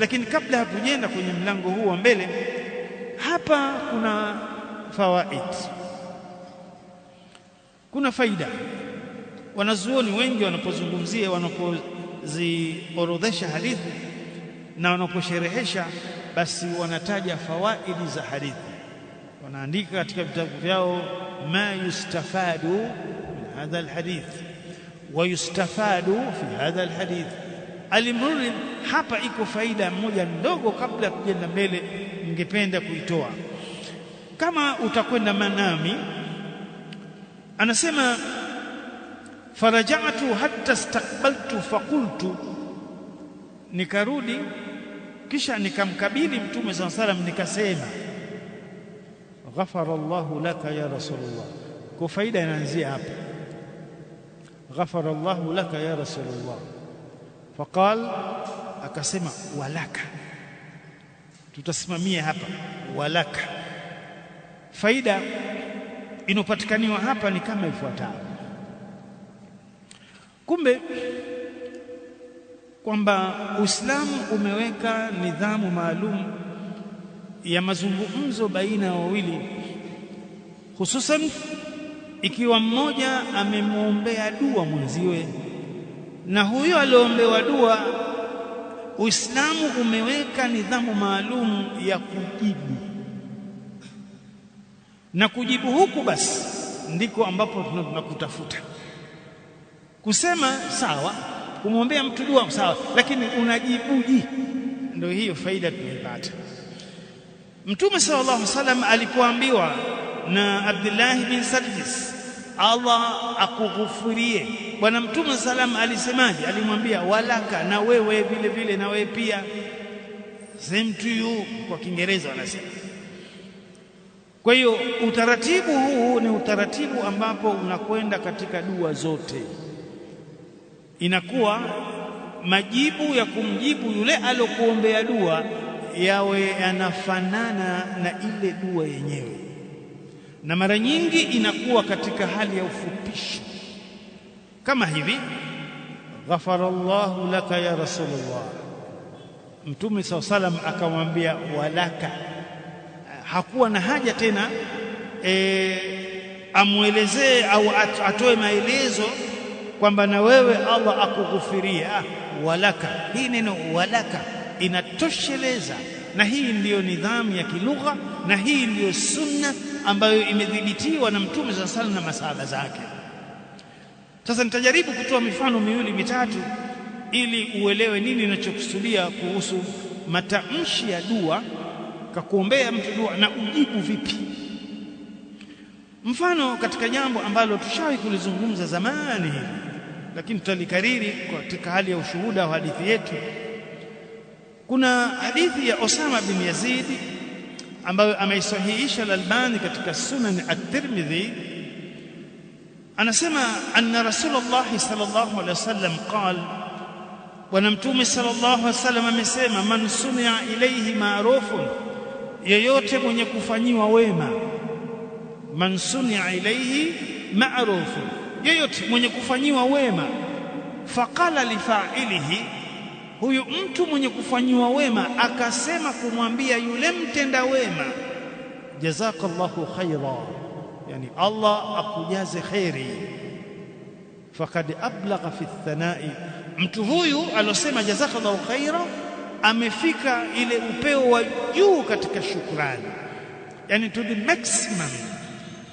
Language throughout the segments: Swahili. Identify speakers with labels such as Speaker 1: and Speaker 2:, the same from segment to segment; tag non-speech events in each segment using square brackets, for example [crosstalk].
Speaker 1: Lakini kabla hatujenda kwenye mlango huu wa mbele, hapa kuna fawaid, kuna faida. Wanazuoni wengi wanapozungumzia, wanapoziorodhesha hadithi na wanaposherehesha, basi wanataja fawaidi za hadithi, wanaandika katika vitabu vyao ma yustafadu min hadha alhadith wa yustafadu fi hadha alhadith alimruri hapa iko faida moja ndogo kabla kujenda mbele ningependa kuitoa kama utakwenda manami anasema farajatu hatta stakbaltu faqultu nikarudi kisha nikamkabili mtume saa salam nikasema ghafara Allahu laka ya rasulullah kwa faida inaanzia hapa ghafara Allahu laka ya rasulullah faqal akasema walaka tutasimamia hapa walaka faida inopatikaniwa hapa ni kama ifuatavyo kumbe kwamba Uislamu umeweka nidhamu maalum ya mazungumzo baina ya wawili hususan ikiwa mmoja amemwombea dua mwenziwe na huyo aliombewa dua Uislamu umeweka nidhamu maalum ya kujibu na kujibu huku basi ndiko ambapo tunakutafuta kusema sawa kumwombea mtu dua sawa lakini unajibuji ndio hiyo faida tunaipata Mtume sallallahu alaihi wasallam alipoambiwa na Abdullah bin sardis Allah akughufurie. Bwana Mtume salam alisemaje? Alimwambia walaka, na wewe vile vile, na wewe pia, same to you kwa Kiingereza wanasema. Kwa hiyo utaratibu huu ni utaratibu ambapo unakwenda katika dua zote, inakuwa majibu ya kumjibu yule aliyokuombea dua yawe yanafanana na ile dua yenyewe na mara nyingi inakuwa katika hali ya ufupisho kama hivi ghafarallahu laka ya rasulullah mtume saw salam akamwambia walaka hakuwa na haja tena e, amwelezee au atoe maelezo kwamba na wewe Allah akughufiria walaka hii neno walaka inatosheleza na hii ndiyo nidhamu ya kilugha na hii ndiyo sunna ambayo imedhibitiwa na Mtume sala salam na masahaba zake. Sasa nitajaribu kutoa mifano miwili mitatu ili uelewe nini ninachokusudia kuhusu matamshi ya dua, kakuombea mtu dua na ujibu vipi. Mfano katika jambo ambalo tushawahi kulizungumza zamani hivi, lakini tutalikariri katika hali ya ushuhuda wa hadithi yetu. Kuna hadithi ya Osama bin Yazidi ambayo ameisahihisha al-Albani katika Sunan at-Tirmidhi anasema anna Rasulullah sallallahu alaihi wasallam qala bwana mtume sallallahu alaihi wasallam amesema man sunia ilayhi ma'rufun yeyote mwenye kufanyiwa wema man sunia ilayhi ma'rufun yeyote mwenye kufanyiwa wema faqala lifailihi huyu mtu mwenye kufanyiwa wema akasema kumwambia yule mtenda wema, jazakallahu khaira, yani Allah akujaze kheri. Fakad ablagha fi thanai, mtu huyu alosema jazakallahu khaira amefika ile upeo wa juu katika shukrani, yani to the maximum.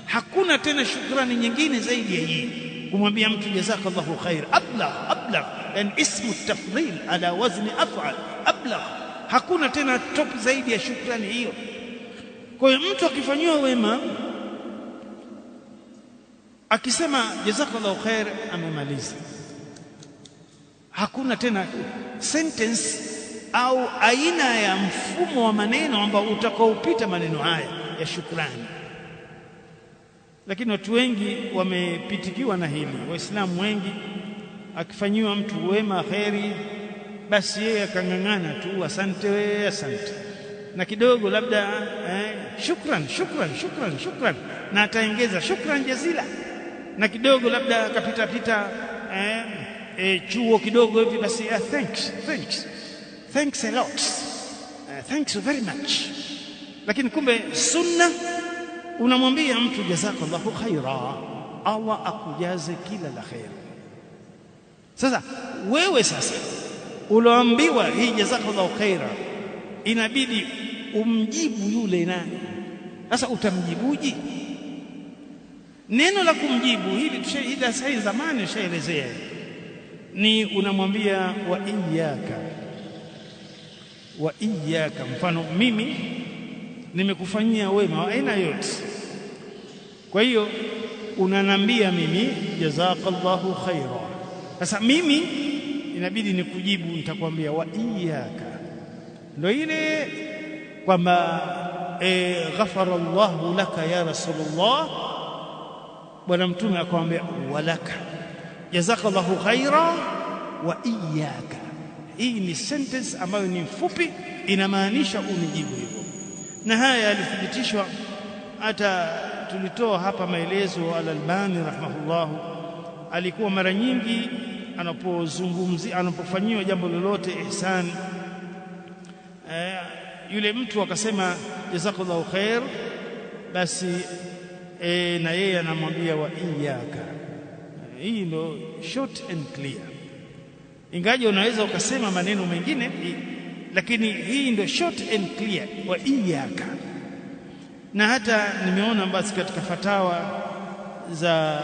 Speaker 1: Hakuna tena shukrani nyingine zaidi ya hii, kumwambia mtu jazakallahu khaira, ablagha ablagh yani ismu tafdhil ala wazni af'al ablagh, hakuna tena top zaidi ya shukrani hiyo. Kwa hiyo mtu akifanyiwa wema akisema jazakallahu khair, amemaliza. Hakuna tena sentence au aina ya mfumo wa maneno ambao utakaopita maneno haya ya shukrani. Lakini watu wengi wamepitikiwa na hili, Waislamu wengi akifanyiwa mtu wema kheri, basi yeye akang'ang'ana tu, asante asante na kidogo labda eh, shukran shukran shukran shukran, na ataongeza shukran jazila, na kidogo labda akapita pita eh, eh, chuo kidogo hivi basi uh, thanks thanks thanks a lot uh, thanks very much. Lakini kumbe sunna unamwambia mtu jazakallahu khaira, Allah akujaze kila la kheri. Sasa wewe sasa uloambiwa hii jazakallahu khaira, inabidi umjibu yule nani. Sasa utamjibuji? Neno la kumjibu hili tushaida sahi zamani, ushaelezea ni unamwambia wa iyyaka wa iyyaka, mfano mimi nimekufanyia wema wa aina yote, kwa hiyo unanambia mimi jazakallahu khaira sasa mimi inabidi nikujibu, nitakwambia wa iyaka, ndo ile kwamba e, ghafara llahu laka ya Rasulullah. Bwana Mtume akamwambia walaka, jazakallahu khaira wa iyaka. Hii ni sentence ambayo ni mfupi, inamaanisha unijibu hivyo, na haya yalithibitishwa hata tulitoa hapa maelezo Al-Albani rahimahullahu alikuwa mara nyingi anapozungumzia anapofanyiwa jambo lolote ihsan eh, yule mtu akasema jazakallahu khair, basi eh, na yeye anamwambia wa iyyaka. Hii ndo short and clear, ingaje unaweza ukasema maneno mengine, lakini hii ndo short and clear, wa iyyaka. Na hata nimeona basi katika fatawa za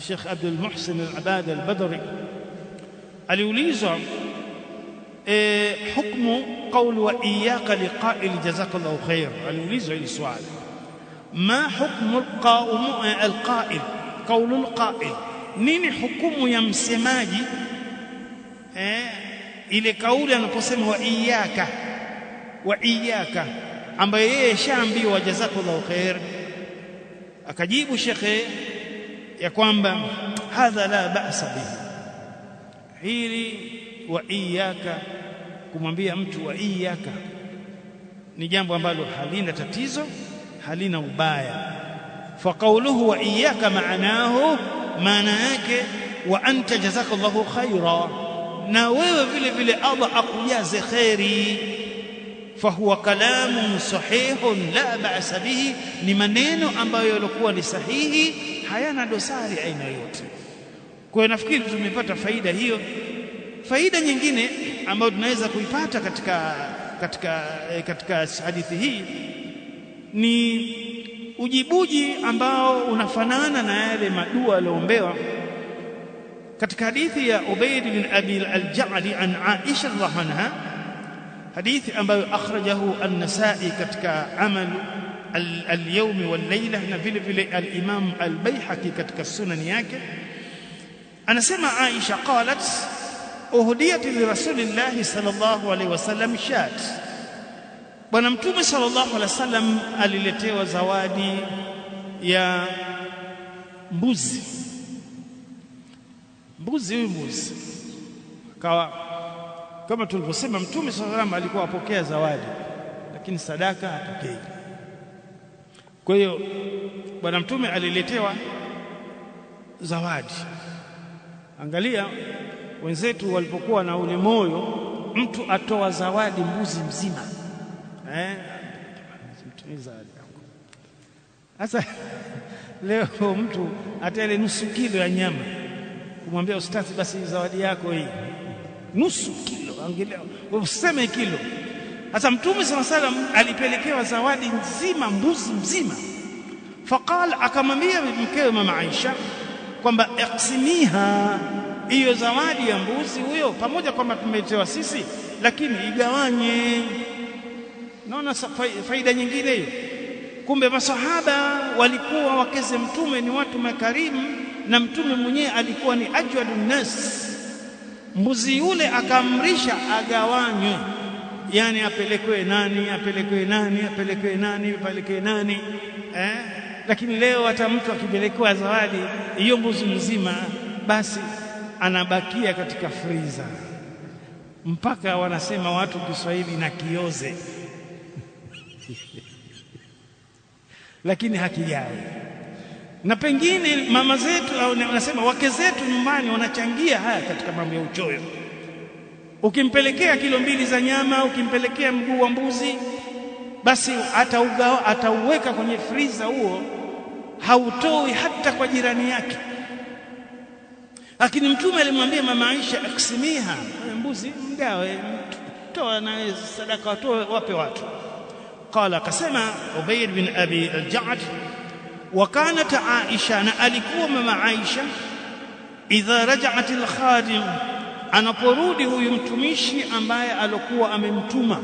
Speaker 1: الشيخ عبد المحسن العباد البدري اليوليزم إيه، حكم قول وإياك لقائل جزاك الله خير اليوليزم السؤال ما حكم إيه، القائل قول القائل نين حكم يمسماجي إيه، إلي قول أن قسم وإياك وإياك أما يشام شامبي وجزاك الله خير أكاديب الشيخ ya kwamba hadha la ba'sa bihi, hili wa iyyaka, kumwambia mtu wa iyyaka ni jambo ambalo halina tatizo, halina ubaya. Fa qawluhu wa iyyaka maanahu, maana yake wa anta jazakallahu khaira, na wewe vile vile Allah akujaze kheri. Fahuwa kalamun sahihun la ba'sa bihi, ni maneno ambayo yalikuwa ni sahihi hayana dosari aina yote. Kwa hiyo nafikiri tumepata faida hiyo. Faida nyingine ambayo tunaweza kuipata katika, katika, eh, katika hadithi hii ni ujibuji ambao unafanana na yale madua yaliyoombewa katika hadithi ya Ubayd bin Abi al-Ja'li an Aisha radhiallahu anha, hadithi ambayo akhrajahu an-Nasa'i katika amalu alyaumi walleila na vile vile alimamu albaihaqi katika sunani yake anasema aisha qalat uhudiyat lirasulillahi sallallahu alaihi wasallam shat bwana mtume sallallahu alaihi wasallam aliletewa zawadi ya mbuzi mbuzi huyu mbuzi akawa kama tulivyosema mtume sallallahu alaihi wasallam alikuwa apokea zawadi lakini sadaka apokei kwa hiyo Bwana Mtume aliletewa zawadi. Angalia wenzetu walipokuwa na ule moyo, mtu atoa zawadi mbuzi mzima eh? Sasa [laughs] leo mtu atele nusu kilo ya nyama kumwambia ustadhi, basi zawadi yako hii nusu kilo, angalia useme kilo sasa Mtume sala salam alipelekewa zawadi nzima, mbuzi mzima. Faqala, akamwambia mkewe mama Aisha kwamba iksimiha, hiyo zawadi ya mbuzi huyo, pamoja kwamba tumeletewa sisi, lakini igawanye. Naona faida nyingine hiyo. Kumbe masahaba walikuwa wakeze Mtume ni watu makarimu, na Mtume mwenyewe alikuwa ni ajwadun nas. Mbuzi yule akaamrisha agawanywe yani apelekwe nani apelekwe nani apelekwe nani apelekwe nani eh? Lakini leo hata mtu akipelekewa zawadi hiyo mbuzi mzima, basi anabakia katika friza, mpaka wanasema watu Kiswahili na kioze [laughs] lakini hakijai na pengine mama zetu au nasema wake zetu nyumbani wanachangia haya katika mambo ya uchoyo ukimpelekea kilo mbili za nyama ukimpelekea mguu wa mbuzi basi atauweka kwenye friza huo hautoi hata kwa jirani yake lakini mtume alimwambia mama Aisha aksimiha mbuzi mgawe toa na sadaka watoe wape watu قال قسم عبيد بن wa الجعد وكانت aisha na alikuwa mama aisha idha رجعت الخادم Anaporudi huyu mtumishi ambaye alokuwa amemtuma,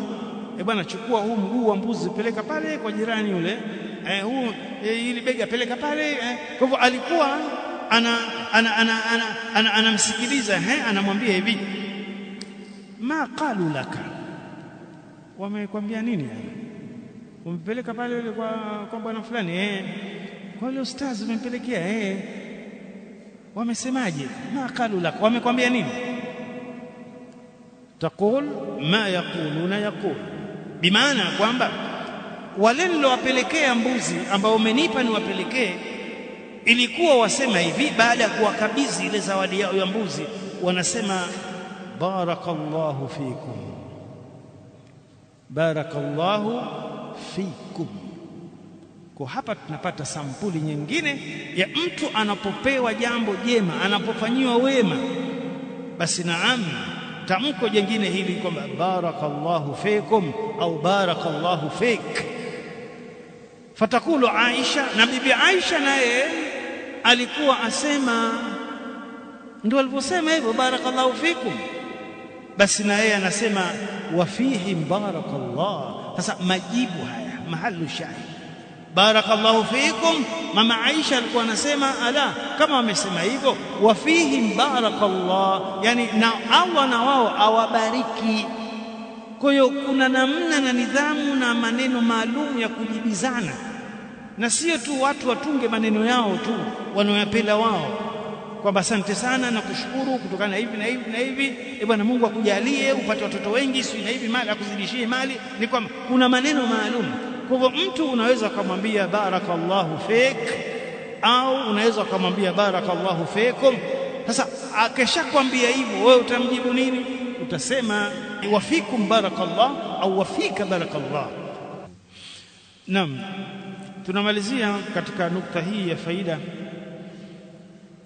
Speaker 1: e bwana, chukua huu mguu wa mbuzi peleka pale kwa jirani yule, e, huu e, ili bega peleka pale e. Kwa hivyo alikuwa anamsikiliza ana, ana, ana, ana, ana, he, anamwambia hivi ma qalu laka, wamekwambia nini? Umpeleka pale yule kwa, kwa bwana fulani eh, kwa yule ustazi umempelekea eh, wamesemaje? ma qalu laka, wamekwambia nini? taqul ma yaquluna yaqul, bimaana ya kwamba wale nilowapelekea mbuzi ambao umenipa niwapelekee, ilikuwa wasema hivi baada ya kuwakabidhi ile zawadi yao ya mbuzi, wanasema barakallahu fikum, barakallahu fikum. Kwa hapa tunapata sampuli nyingine ya mtu anapopewa jambo jema, anapofanyiwa wema, basi naamu tamko jengine hili kwamba barakallahu fikum au barakallahu fik. Fatakulu Aisha, na bibi Aisha naye alikuwa asema, ndio alivyosema hivyo, barakallahu fikum. Basi na anasema wa fihim barakallah. Sasa majibu haya mahalu shahid barakallahu fikum mama Aisha alikuwa anasema ala kama wamesema hivyo wa fihim barakallah yani na Allah na wao awabariki kwa hiyo kuna namna na nidhamu na maneno maalum ya kujibizana na sio tu watu watunge maneno yao tu wanaoyapenda wao kwamba asante sana na kushukuru kutokana na hivi na hivi na hivi e bwana Mungu akujalie upate watoto wengi si na hivi mali akuzidishie mali ni kwamba kuna maneno maalum kwa hivyo mtu unaweza kumwambia barakallahu fek au unaweza kumwambia barakallahu fekum Sasa akishakwambia hivyo, wewe utamjibu nini? Utasema wafikum barakallah au wafika barakallah. Naam, tunamalizia katika nukta hii ya faida,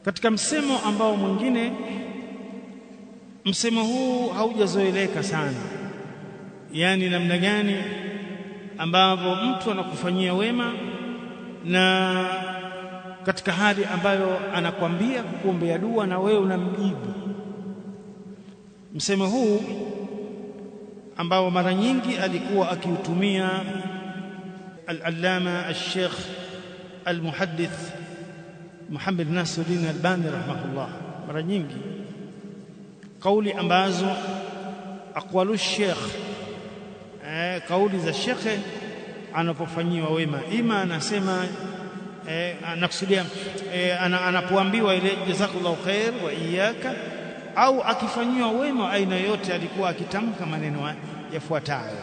Speaker 1: katika msemo ambao mwingine, msemo huu haujazoeleka sana, yaani namna gani ambavyo mtu anakufanyia wema na katika hali ambayo anakwambia kukuombea dua na wewe unamjibu. Msemo huu ambao mara nyingi alikuwa akiutumia al-Allama al-Sheikh al-Muhaddith Muhammad Nasiruddin Albani rahimahullah, mara nyingi kauli ambazo aqwalu Sheikh eh, kauli za shekhe anapofanyiwa wema, ima anasema eh, anakusudia eh, anapoambiwa ile jazakallahu khair wa iyyaka, au akifanyiwa wema aina yote, alikuwa akitamka maneno yafuatayo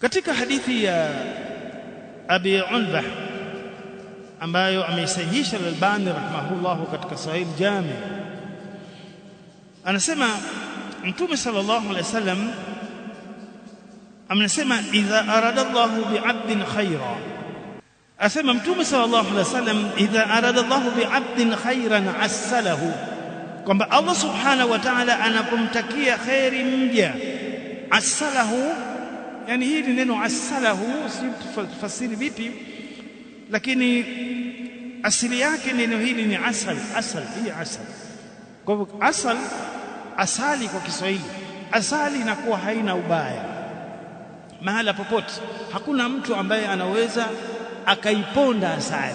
Speaker 1: katika hadithi ya Abi unba ambayo ameisahihisha Al-Albani rahimahullah katika Sahih Jami, anasema Mtume sallallahu alaihi wasallam amnasema idha arada Allahu bi'abdin khaira asema mtume sallallahu alaihi wasallam idha arada Allahu bi'abdin khairan assalahu kwamba Allah subhanahu wa ta'ala anapomtakia khairi mja assalahu yani hili neno assalahu sifasiri vipi lakini asili yake neno hili ni asal asal hii asal kwa hivyo asal asali kwa Kiswahili asali inakuwa haina ubaya mahala popote. Hakuna mtu ambaye anaweza akaiponda asali,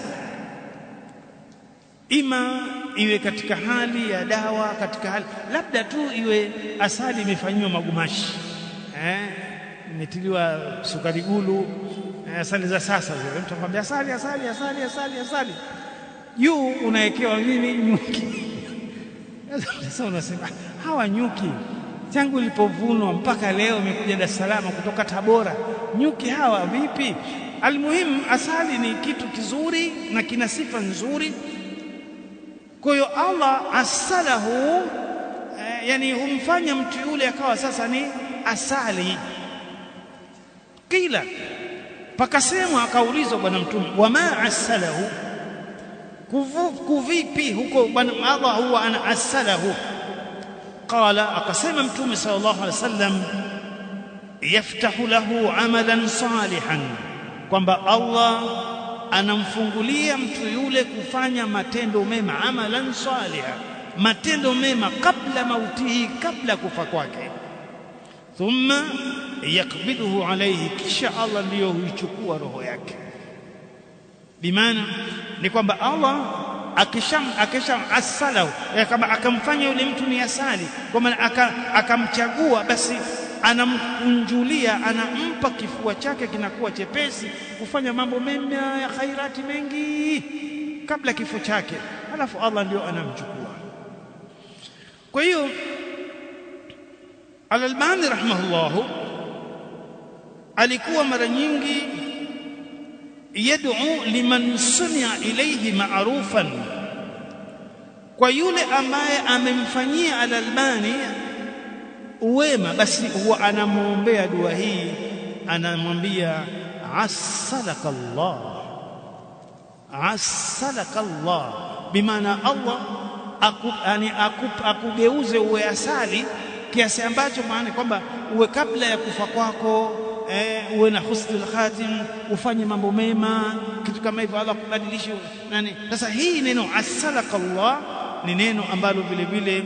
Speaker 1: ima iwe katika hali ya dawa, katika hali labda tu iwe asali imefanyiwa magumashi eh, imetiliwa sukari gulu eh, asali za sasa zile. Mtu akwambia asali, asali, asali, asali, asali, juu unawekewa nini? Nyuki. [laughs] Sasa unasema hawa nyuki tangu ilipovunwa mpaka leo imekuja Dar es Salaam kutoka Tabora. Nyuki hawa vipi? Almuhimu, asali ni kitu kizuri na kina sifa nzuri. Kwa hiyo Allah asalahu eh, yani humfanya mtu yule akawa sasa ni asali. Kila pakasemwa, akaulizwa Bwana Mtume, wama asalahu kuvipi huko? Bwana Allah huwa ana asalahu qala akasema mtume sallallahu alaihi wasallam yaftahu lahu amalan salihan kwamba Allah anamfungulia mtu yule kufanya matendo mema amalan saliha matendo mema kabla mautihi kabla kufa kwake thumma yakbiduhu alayhi kisha Allah ndiyo huichukua roho yake bimaana ni kwamba Allah akisham akisham asalahu eh, kama akamfanya yule mtu ni asali kwa maana akamchagua basi anamkunjulia anampa kifua chake kinakuwa chepesi kufanya mambo mema ya khairati mengi kabla kifo chake alafu Allah ndio anamchukua kwa hiyo Al-Albani rahimahullahu alikuwa mara nyingi yad'u liman sunia ilayhi ma'rufan kwa yule ambaye amemfanyia al-Albani wema basi huwa anamwombea dua hii anamwambia assalaka Allah asalaka Allah bimaana Allah akugeuze aku, aku, akugeuze uwe asali kiasi ambacho maana kwamba uwe kabla ya kufa kwako eh, uwe na husnul khatim, ufanye mambo mema, kitu kama hivyo, Allah kubadilisha nani. Sasa hii neno asalaka Allah ni neno ambalo vile vile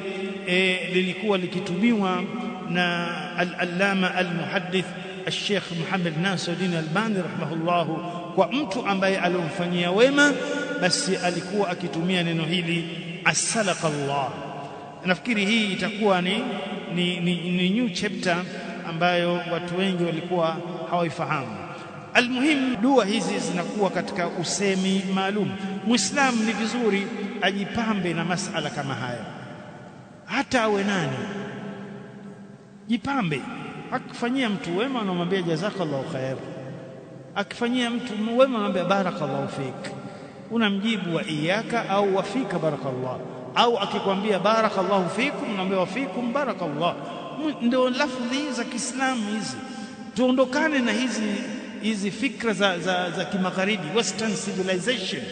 Speaker 1: eh, lilikuwa likitumiwa na al-allama al-muhaddith al-sheikh Muhammad Nasiruddin Albani rahimahullahu, kwa mtu ambaye aliyomfanyia wema, basi alikuwa akitumia neno hili asalaka Allah. Nafikiri hii itakuwa ni, ni, ni, ni new chapter ambayo watu wengi walikuwa hawaifahamu. Almuhimu, dua hizi zinakuwa katika usemi maalum. Muislamu ni vizuri ajipambe na masala kama haya, hata awe nani, jipambe. Akifanyia mtu wema, unamwambia jazakallahu khair. Akifanyia mtu wema, anamwambia barakallahu fik, unamjibu wa iyaka au wafika barakallah, au akikwambia barakallahu fikum, unamwambia wafikum barakallah ndio lafdhi za Kiislamu hizi. Tuondokane na hizi hizi fikra za, za, za kimagharibi, western civilization,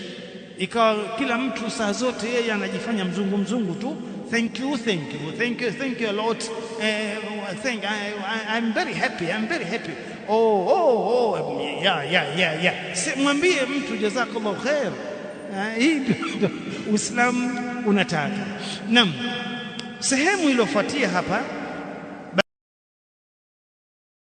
Speaker 1: ikawa kila mtu saa zote yeye anajifanya mzungu mzungu tu. Thank you, thank you, thank you, thank you a lot. uh, thank, I, I, I'm very happy, I'm very happy. Oh, oh, oh, yeah, yeah, yeah, yeah. Mwambie mtu jazakallahu khair. Eh, hii Uislamu unataka. Naam, sehemu iliyofuatia hapa